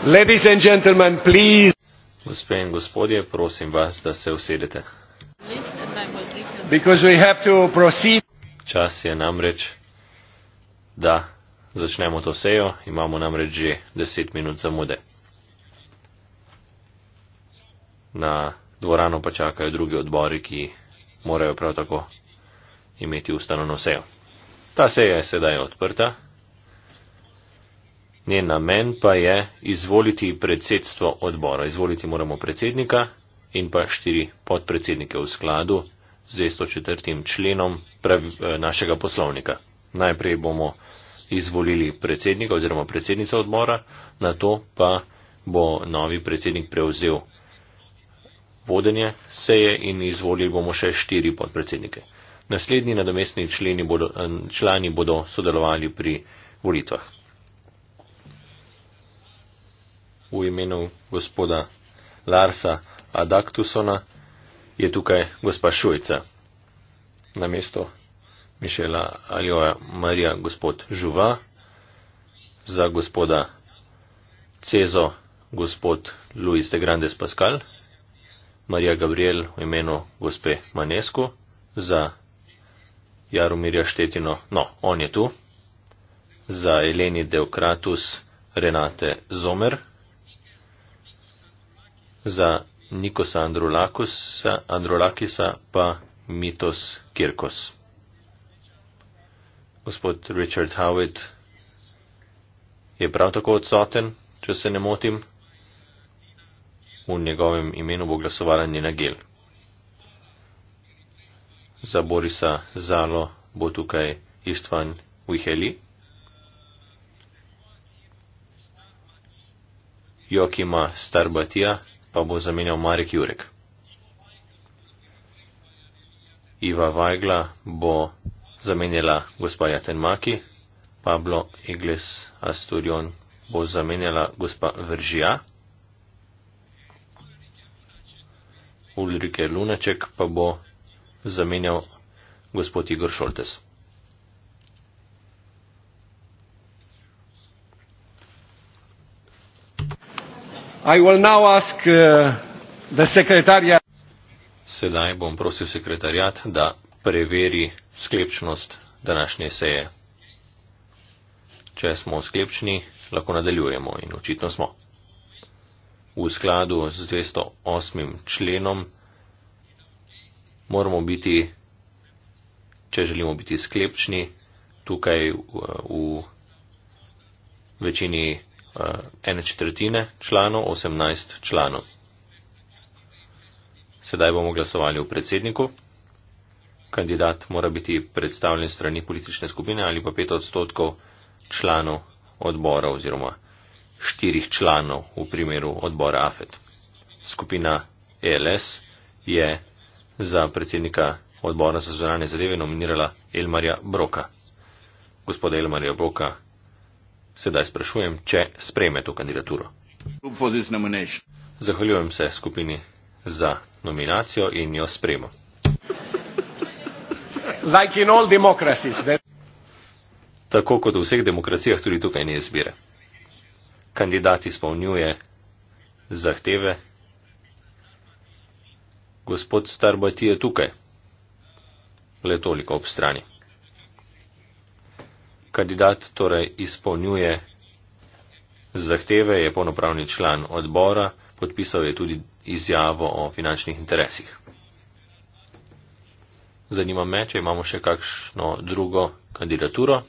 Ladies and gentlemen, please. Gospe in gospodje, prosim vas, da se usedete. Čas je namreč, da začnemo to sejo, imamo namreč že deset minut zamude. Na dvorano pa čakajo drugi odbori, ki morajo prav tako imeti ustanovno sejo. Ta seja je sedaj odprta. Njen namen pa je izvoliti predsedstvo odbora. Izvoliti moramo predsednika in pa štiri podpredsednike v skladu z 104. členom prav, eh, našega poslovnika. Najprej bomo izvolili predsednika oziroma predsednica odbora, na to pa bo novi predsednik prevzel vodenje seje in izvolili bomo še štiri podpredsednike. Naslednji nadomestni bodo, eh, člani bodo sodelovali pri volitvah. v imenu gospoda Larsa Adaktusona je tukaj gospa Šujca. Na mesto Mišela Aljoja Marija gospod Žuva, za gospoda Cezo gospod Luis de Grandes Pascal, Marija Gabriel v imenu gospe Manesko, za Jaromirja Štetino, no, on je tu, za Eleni Deokratus Renate Zomer za Nikosa Androlakusa, Androlakisa pa Mitos Kirkos. Gospod Richard Howitt je prav tako odsoten, če se ne motim. V njegovem imenu bo glasovala Nina Gel. Za Borisa Zalo bo tukaj Istvan Viheli. Jokima Starbatija pa bo zamenjal Marek Jurek. Iva Vajgla bo zamenjala gospa Jatenmaki, Pablo Igles Asturion bo zamenjala gospa Vržija, Ulrike Lunaček pa bo zamenjal gospod Igor Šoltes. Uh, Sedaj bom prosil sekretarjat, da preveri sklepčnost današnje seje. Če smo sklepčni, lahko nadaljujemo in očitno smo. V skladu z 208. členom moramo biti, če želimo biti sklepčni, tukaj v, uh, v večini Eh, ene četrtine članov, 18 članov. Sedaj bomo glasovali v predsedniku. Kandidat mora biti predstavljen strani politične skupine ali pa 5 odstotkov članov odbora oziroma štirih članov v primeru odbora AFET. Skupina ELS je za predsednika odbora za zunanje zadeve nominirala Elmarja Broka. Gospoda Elmarja Broka Sedaj sprašujem, če sprejme to kandidaturo. Zahvaljujem se skupini za nominacijo in jo sprejmo. Like Tako kot v vseh demokracijah, tudi tukaj ni izbire. Kandidat izpolnjuje zahteve. Gospod Starbati je tukaj. Le toliko ob strani kandidat torej izpolnjuje zahteve, je polnopravni član odbora, podpisal je tudi izjavo o finančnih interesih. Zanima me, če imamo še kakšno drugo kandidaturo?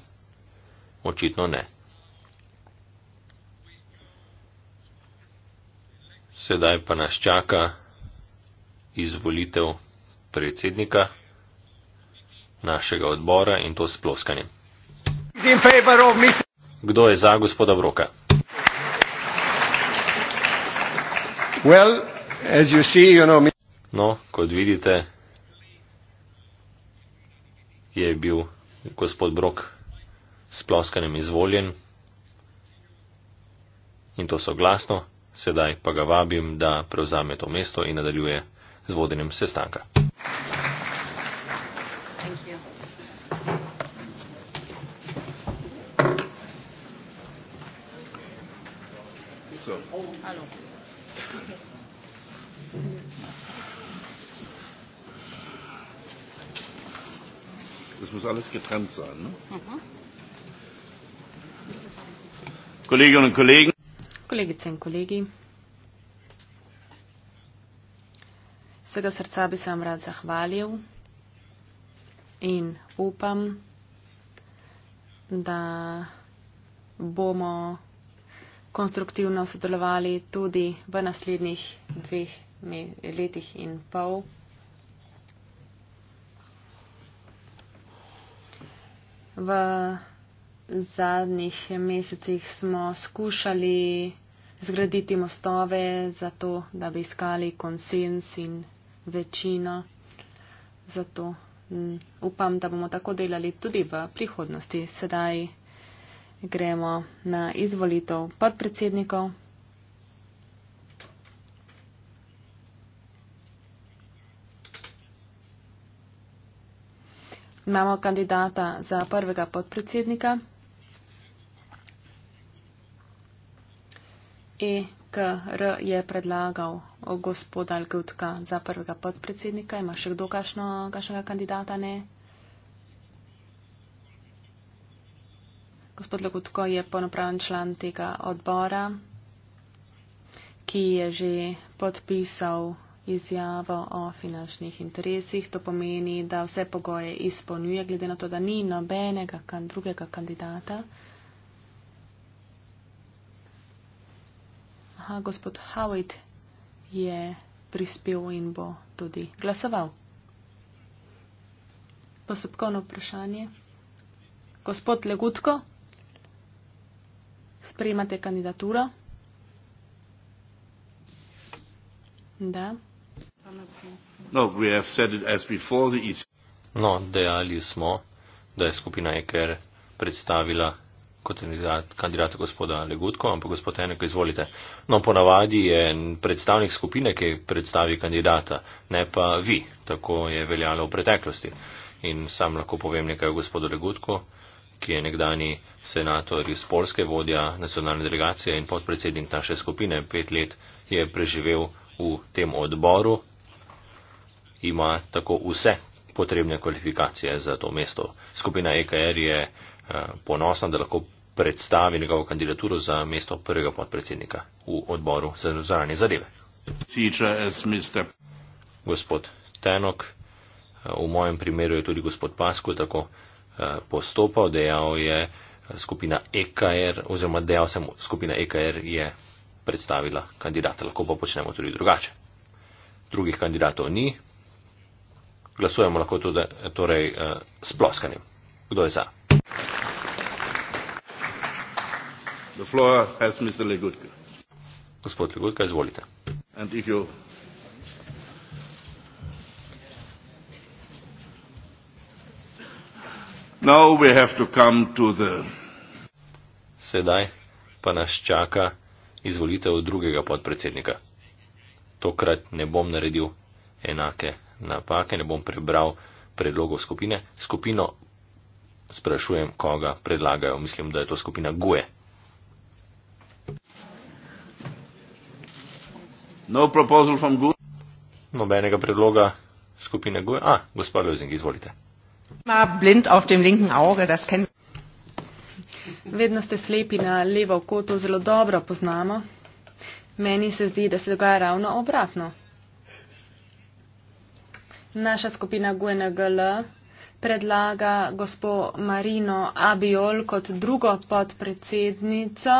Očitno ne. Sedaj pa nas čaka izvolitev predsednika našega odbora in to s ploskanjem. Kdo je za gospoda Broka? Well, as you see, you know, no, kot vidite, je bil gospod Brok s ploskanjem izvoljen in to soglasno, sedaj pa ga vabim, da prevzame to mesto in nadaljuje z vodenjem sestanka. Thank you. Ministrico. Das muss alles getrennt sein. Ne? Mhm. Kolleginnen und Kollegen. Kolegi in kolegi. Vsega srca bi se vam rad zahvalil in upam, da bomo konstruktivno sodelovali tudi v naslednjih dveh letih in pol. V zadnjih mesecih smo skušali zgraditi mostove za to, da bi iskali konsens in večino. Zato upam, da bomo tako delali tudi v prihodnosti. Sedaj gremo na izvolitev podpredsednikov. Imamo kandidata za prvega podpredsednika. EKR je predlagal gospoda Algutka za prvega podpredsednika. Ima še kdo kašnega kandidata? Ne. Gospod Lagutko je ponopraven član tega odbora, ki je že podpisal izjavo o finančnih interesih. To pomeni, da vse pogoje izpolnjuje, glede na to, da ni nobenega kan drugega kandidata. Aha, gospod Howitt je prispel in bo tudi glasoval. Postopkovno vprašanje. Gospod Legutko. Sprejmate kandidaturo? Da. No, e no, dejali smo, da je skupina EKR predstavila kot kandidat, kandidat gospoda Legutko, ampak gospod Enek, izvolite. No, ponavadi je predstavnik skupine, ki predstavi kandidata, ne pa vi. Tako je veljalo v preteklosti. In sam lahko povem nekaj o gospodu Legutko. Uh, ki je nekdani senator iz Polske, vodja nacionalne delegacije in podpredsednik naše skupine, pet let je preživel v tem odboru, ima tako vse potrebne kvalifikacije za to mesto. Skupina EKR je eh, ponosna, da lahko predstavi njegovo kandidaturo za mesto prvega podpredsednika v odboru za zaranje zadeve. Gospod Tenok, eh, v mojem primeru je tudi gospod Pasko, tako Eh, postopal, dejal je eh, skupina EKR, oziroma dejal sem, skupina EKR je predstavila kandidata. Lahko pa počnemo tudi drugače. Drugih kandidatov ni. Glasujemo lahko tudi torej, eh, s ploskanjem. Kdo je za? Gospod Ligutka, izvolite. Sedaj pa nas čaka izvolitev drugega podpredsednika. Tokrat ne bom naredil enake napake, ne bom prebral predlogov skupine. Skupino sprašujem, koga predlagajo. Mislim, da je to skupina Guje. No proposal from Guje. Nobenega predloga skupine Guje. A, gospod Lozing, izvolite. Mal blind auf dem linken Auge, das kennen wir. Vedno ste slepi na levo oko, to zelo dobro poznamo. Meni se zdi, da se dogaja ravno obratno. Naša skupina GNGL predlaga gospo Marino Abiol kot drugo podpredsednico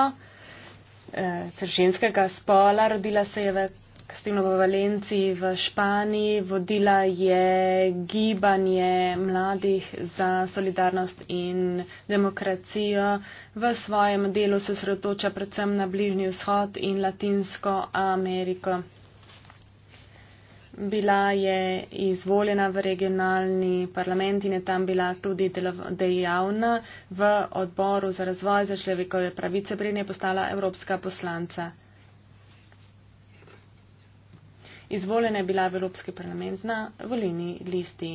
eh, crženskega spola. Rodila se je v Kastilo v Valenciji, v Španiji, vodila je gibanje mladih za solidarnost in demokracijo. V svojem delu se sredotoča predvsem na Bližnji vzhod in Latinsko Ameriko. Bila je izvoljena v regionalni parlament in je tam bila tudi dejavna v odboru za razvoj za človekove pravice, prednje postala evropska poslanca. Izvoljena je bila v Evropski parlament na volilni listi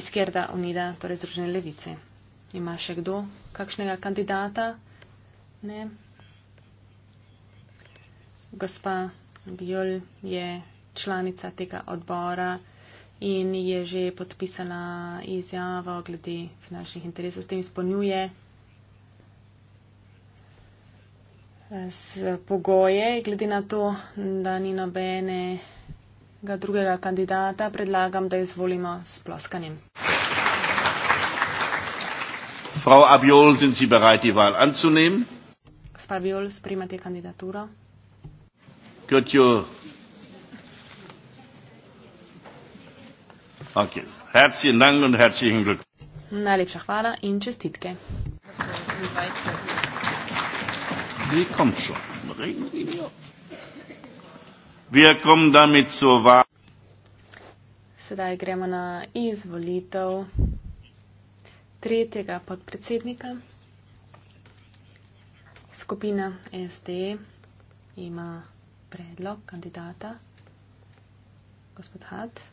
Izkerda Unida, torej Združene levice. Ima še kdo kakšnega kandidata? Ne. Gospa Bjol je članica tega odbora in je že podpisala izjavo glede finančnih interesov, s tem izpolnjuje eh, pogoje, glede na to, da ni nobene ga drugega kandidata predlagam, da izvolimo s ploskanjem. Frau Abiol, sind Sie bereit, die Wahl anzunehmen? Frau Abiol, sprima die Kandidatur. Gut, Okay. Herzlichen Dank und herzlichen Glück. Najlepša hvala in čestitke. Die kommt schon. Regen Sie mir. Wir kommen damit zur Wahl. Sedaj gremo na izvolitev tretjega podpredsednika. Skupina SD ima predlog kandidata. Gospod Hat.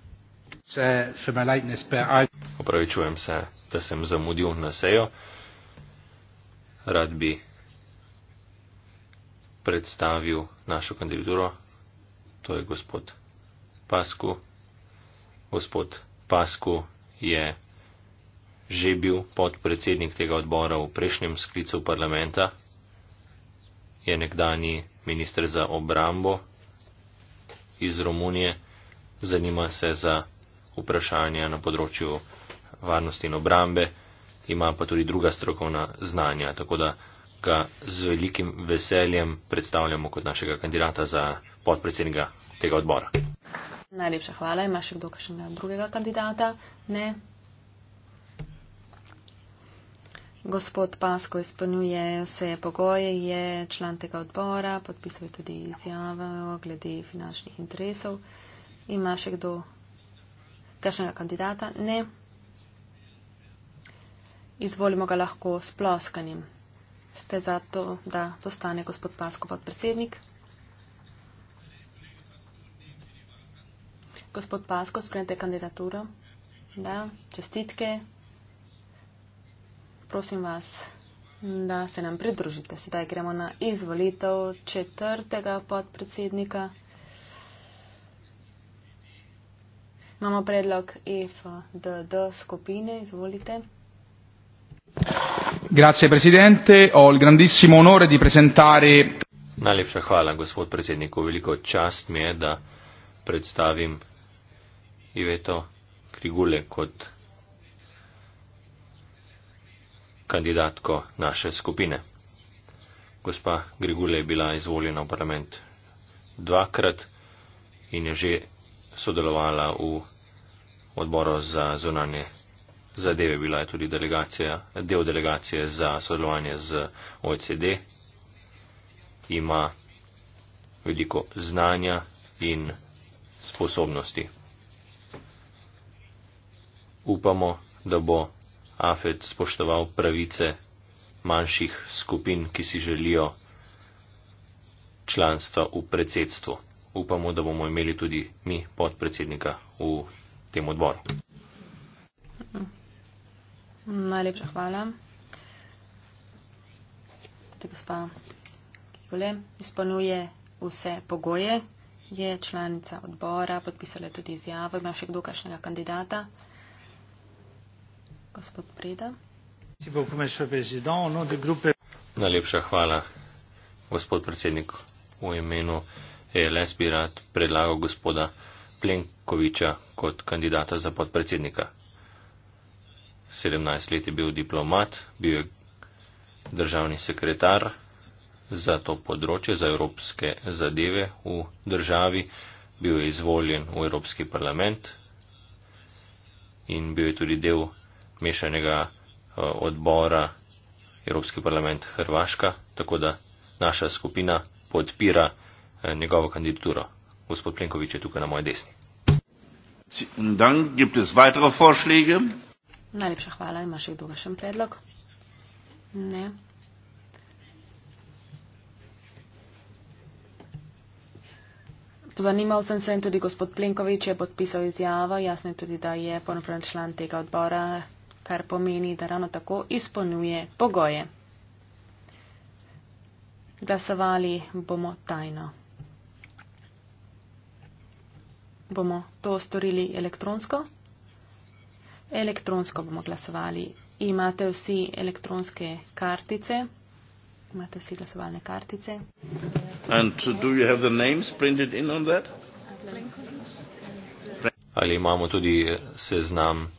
Opravičujem se, da sem zamudil na sejo. Rad bi predstavil našo kandidaturo to je gospod Pasku. Gospod Pasku je že bil podpredsednik tega odbora v prejšnjem sklicu parlamenta, je nekdani ministr za obrambo iz Romunije, zanima se za vprašanja na področju varnosti in obrambe, ima pa tudi druga strokovna znanja, tako da ga z velikim veseljem predstavljamo kot našega kandidata za podpredsednika tega odbora. Najlepša hvala. Ima še kdo kakšnega drugega kandidata? Ne. Gospod Pasko izpolnjuje vse pogoje, je član tega odbora, podpisal je tudi izjavo glede finančnih interesov. Ima še kdo kakšnega kandidata? Ne. Izvolimo ga lahko s ploskanjem. Ste za to, da postane gospod Pasko podpredsednik? Gospod Pasko, sprejete kandidaturo. Da, čestitke. Prosim vas, da se nam pridružite. Sedaj gremo na izvolitev četrtega podpredsednika. Imamo predlog FDD skupine. Izvolite. Grazie, presidente. O il grandissimo onore di presentare. Najlepša hvala, gospod predsednik. Veliko čast mi je, da predstavim Iveto Krigule kot kandidatko naše skupine. Gospa Grigule je bila izvoljena v parlament dvakrat in je že sodelovala v odboru za zunanje zadeve. Bila je tudi delegacija, del delegacije za sodelovanje z OECD. Ima veliko znanja in sposobnosti upamo, da bo Afet spoštoval pravice manjših skupin, ki si želijo članstva v predsedstvu. Upamo, da bomo imeli tudi mi podpredsednika v tem odboru. Najlepša hvala. Te gospa Kikole izpolnjuje vse pogoje, je članica odbora, podpisala tudi izjavo, ima še kdo kakšnega kandidata. Najlepša hvala, gospod predsednik. V imenu ELS bi rad predlagal gospoda Plenkoviča kot kandidata za podpredsednika. 17 let je bil diplomat, bil je državni sekretar za to področje, za evropske zadeve v državi, bil je izvoljen v Evropski parlament in bil je tudi del mešanega eh, odbora Evropski parlament Hrvaška, tako da naša skupina podpira eh, njegovo kandidaturo. Gospod Plenković je tukaj na moji desni. Najlepša hvala. Ima še kdo še predlog? Ne. Pozanimal sem se in tudi gospod Plenković je podpisal izjavo. Jasno je tudi, da je ponovno član tega odbora kar pomeni, da ravno tako izpolnjuje pogoje. Glasovali bomo tajno. Bomo to storili elektronsko? Elektronsko bomo glasovali. Imate vsi elektronske kartice? Imate vsi glasovalne kartice? Ali imamo tudi eh, seznam?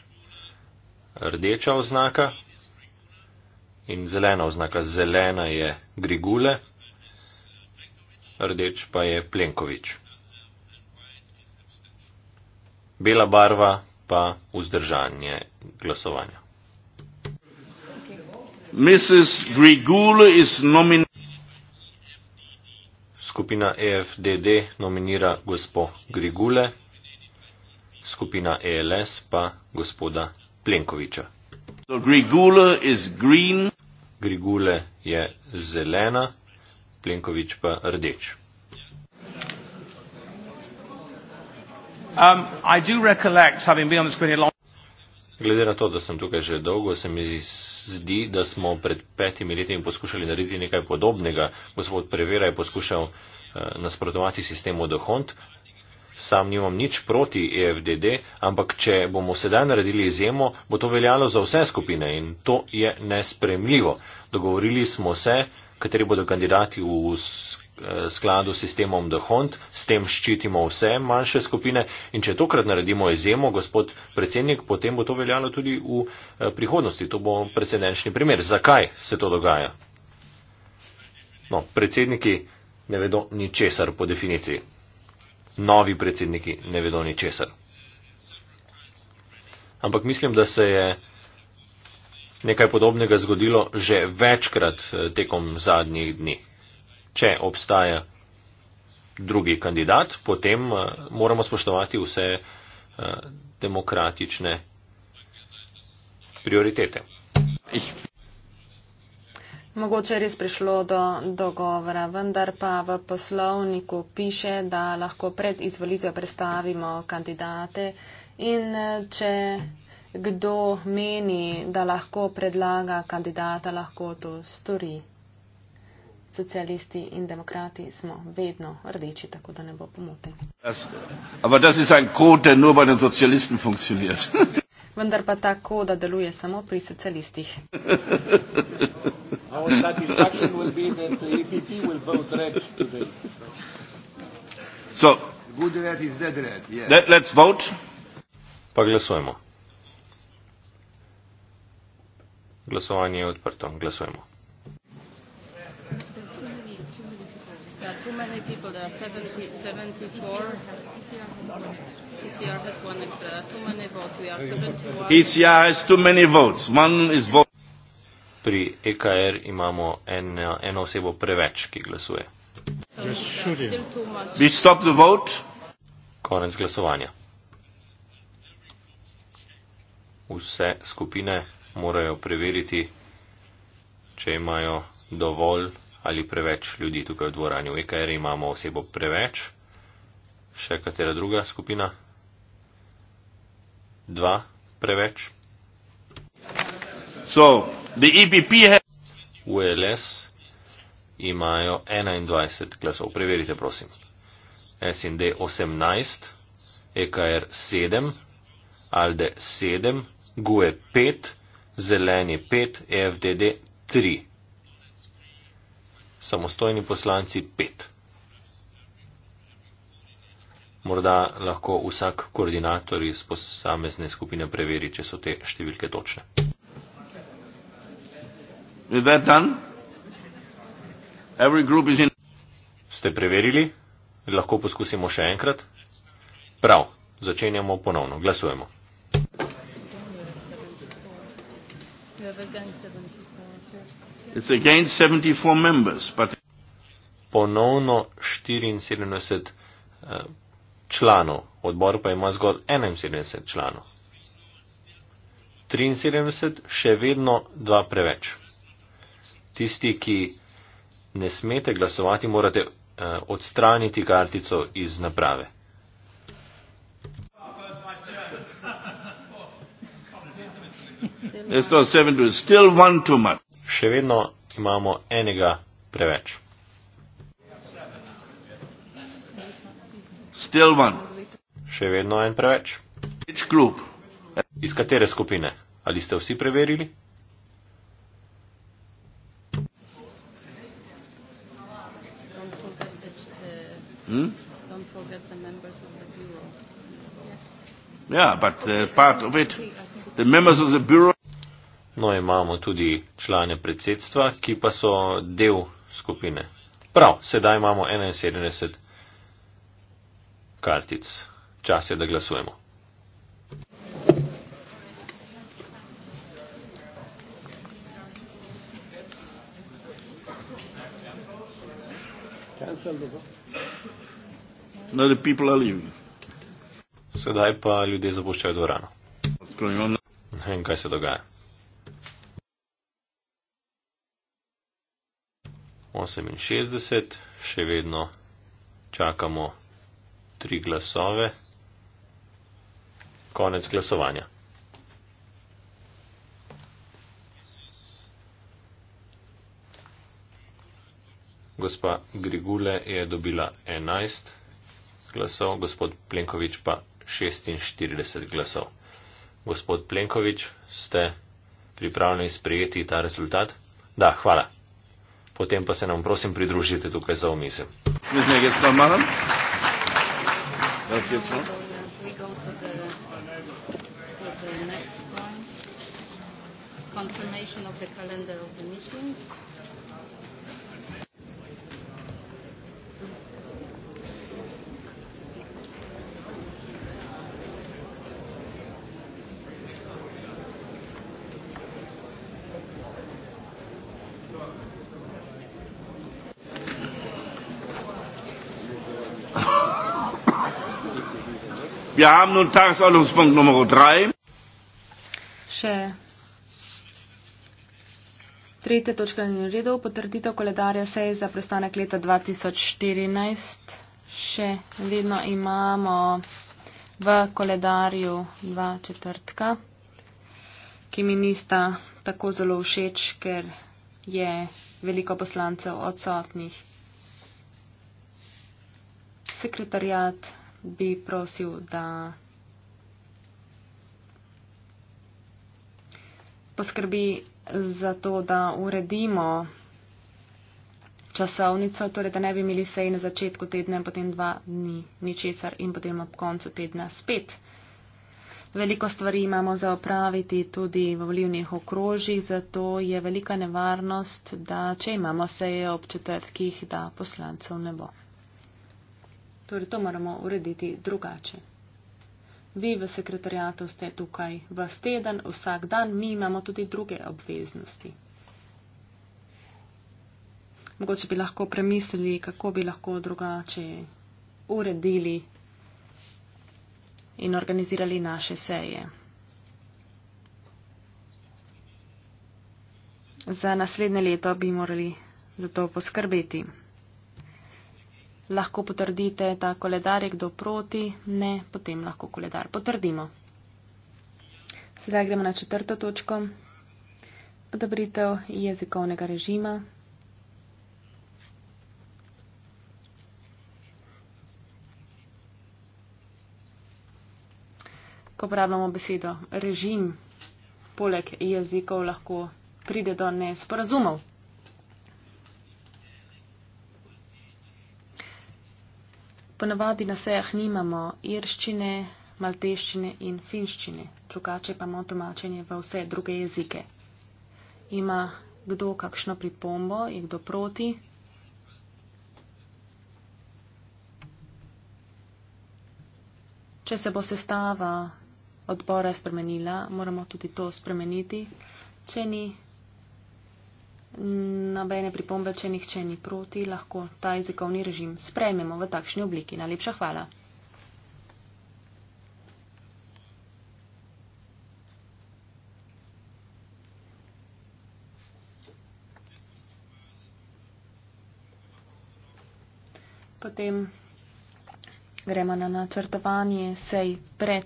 rdeča oznaka in zelena oznaka. Zelena je Grigule, rdeč pa je Plenkovič. Bela barva pa vzdržanje glasovanja. Mrs. Grigule is nominated. Skupina EFDD nominira gospo Grigule, skupina ELS pa gospoda Plenkoviča. Grigule je zelena, Plenkovič pa rdeč. Um, Glede na to, da sem tukaj že dolgo, se mi zdi, da smo pred petimi leti poskušali narediti nekaj podobnega. Gospod Prevera je poskušal uh, nasprotovati sistemu Dohont, Sam nimam nič proti EFDD, ampak če bomo sedaj naredili izjemo, bo to veljalo za vse skupine in to je nespremljivo. Dogovorili smo se, kateri bodo kandidati v eh, skladu s sistemom The Hunt, s tem ščitimo vse manjše skupine in če tokrat naredimo izjemo, gospod predsednik, potem bo to veljalo tudi v eh, prihodnosti. To bo precedenčni primer. Zakaj se to dogaja? No, predsedniki ne vedo ničesar po definiciji novi predsedniki ne vedo ničesar. Ampak mislim, da se je nekaj podobnega zgodilo že večkrat eh, tekom zadnjih dni. Če obstaja drugi kandidat, potem eh, moramo spoštovati vse eh, demokratične prioritete. Mogoče je res prišlo do dogovora, vendar pa v poslovniku piše, da lahko pred izvolitvijo predstavimo kandidate in če kdo meni, da lahko predlaga kandidata, lahko to stori. Socialisti in demokrati smo vedno rdeči, tako da ne bo pomote. Ampak to je en kod, ki je nur bei den socialisten funkcioniral. vendar pa ta koda deluje samo pri socialistih. So, let, pa glasujemo. Glasovanje je odprto. Glasujemo. Too many people, there are 70, 74. ECR has won uh, too many votes. We are 71. ECR has too many votes. One is vote. Pri EKR imamo en, eno osebo preveč, ki glasuje. Konec glasovanja. Vse skupine morajo preveriti, če imajo dovolj ali preveč ljudi tukaj v dvorani. V EKR imamo osebo preveč. Še katera druga skupina? dva preveč. So, v e LS imajo 21 glasov. Preverite, prosim. SND 18, EKR 7, ALDE 7, GUE 5, Zeleni 5, EFDD 3. Samostojni poslanci 5. Morda lahko vsak koordinator iz posamezne skupine preveri, če so te številke točne. Ste preverili? Lahko poskusimo še enkrat? Prav, začenjamo ponovno. Glasujemo. Ponovno 74 uh, eh, članov, odbor pa ima zgolj 71 članov. 73 še vedno dva preveč. Tisti, ki ne smete glasovati, morate eh, odstraniti kartico iz naprave. Still one too much. Še vedno imamo enega preveč. Still one. Še vedno en preveč. Which club? Iz katere skupine? Ali ste vsi preverili? Hmm? Yeah, but, uh, no, imamo tudi člane predsedstva, ki pa so del skupine. Prav, sedaj imamo 71 kartic. Čas je, da glasujemo. No, Sedaj pa ljudje zapuščajo dvorano. Ne vem, kaj se dogaja. 68, še vedno čakamo tri glasove. Konec glasovanja. Gospa Grigule je dobila 11 glasov, gospod Plenkovič pa 46 glasov. Gospod Plenkovič, ste pripravljeni sprejeti ta rezultat? Da, hvala. Potem pa se nam prosim pridružite tukaj za omise. Z nekaj smo malo that's good so we go to the, to the next point confirmation of the calendar of the meetings Wir haben nun Tagesordnungspunkt Nummer 3. Še tretja točka na redu, potrditev koledarja seje za prostanek leta 2014. Še vedno imamo v koledarju dva četrtka, ki mi nista tako zelo všeč, ker je veliko poslancev odsotnih. Sekretarjat bi prosil, da poskrbi za to, da uredimo časovnico, torej da ne bi imeli sej na začetku tedna in potem dva dni ničesar in potem ob koncu tedna spet. Veliko stvari imamo za opraviti tudi v volivnih okrožjih, zato je velika nevarnost, da če imamo seje ob četrtkih, da poslancev ne bo. Torej, to moramo urediti drugače. Vi v sekretarijatu ste tukaj vas teden, vsak dan, mi imamo tudi druge obveznosti. Mogoče bi lahko premislili, kako bi lahko drugače uredili in organizirali naše seje. Za naslednje leto bi morali za to poskrbeti lahko potrdite ta koledar, kdo proti, ne, potem lahko koledar potrdimo. Sedaj gremo na četrto točko. Odobritev jezikovnega režima. Ko uporabljamo besedo režim, poleg jezikov lahko pride do nesporazumov. Ponavadi na sejah nimamo irščine, malteščine in finščine, drugače pa imamo tomačenje v vse druge jezike. Ima kdo kakšno pripombo, je kdo proti? Če se bo sestava odbora spremenila, moramo tudi to spremeniti. Če ni, nobene pripombe, če nihče ni proti, lahko ta jezikovni režim sprejmemo v takšni obliki. Najlepša hvala. Potem gremo na načrtovanje sej pred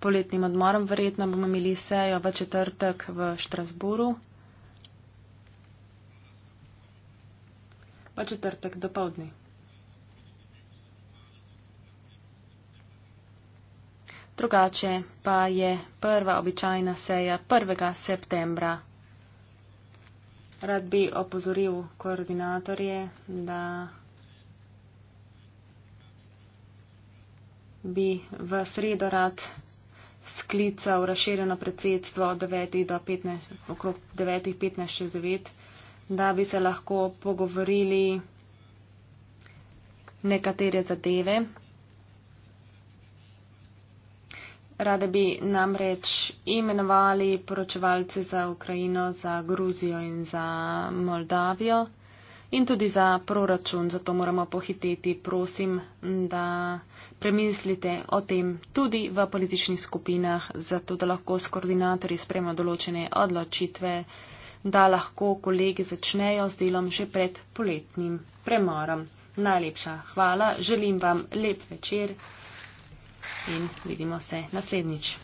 poletnim odmorom. Verjetno bomo imeli sejo v četrtek v Štrasburu. pa četrtek do povdne. Drugače pa je prva običajna seja 1. septembra. Rad bi opozoril koordinatorje, da bi v sredo rad sklical razširjeno predsedstvo 9 do 15, okrog 9.15 še 9 da bi se lahko pogovorili nekatere zadeve. Rade bi namreč imenovali poročevalce za Ukrajino, za Gruzijo in za Moldavijo in tudi za proračun, zato moramo pohiteti. Prosim, da premislite o tem tudi v političnih skupinah, zato da lahko s koordinatorji spremo določene odločitve da lahko kolegi začnejo z delom že pred poletnim premorom. Najlepša hvala, želim vam lep večer in vidimo se naslednjič.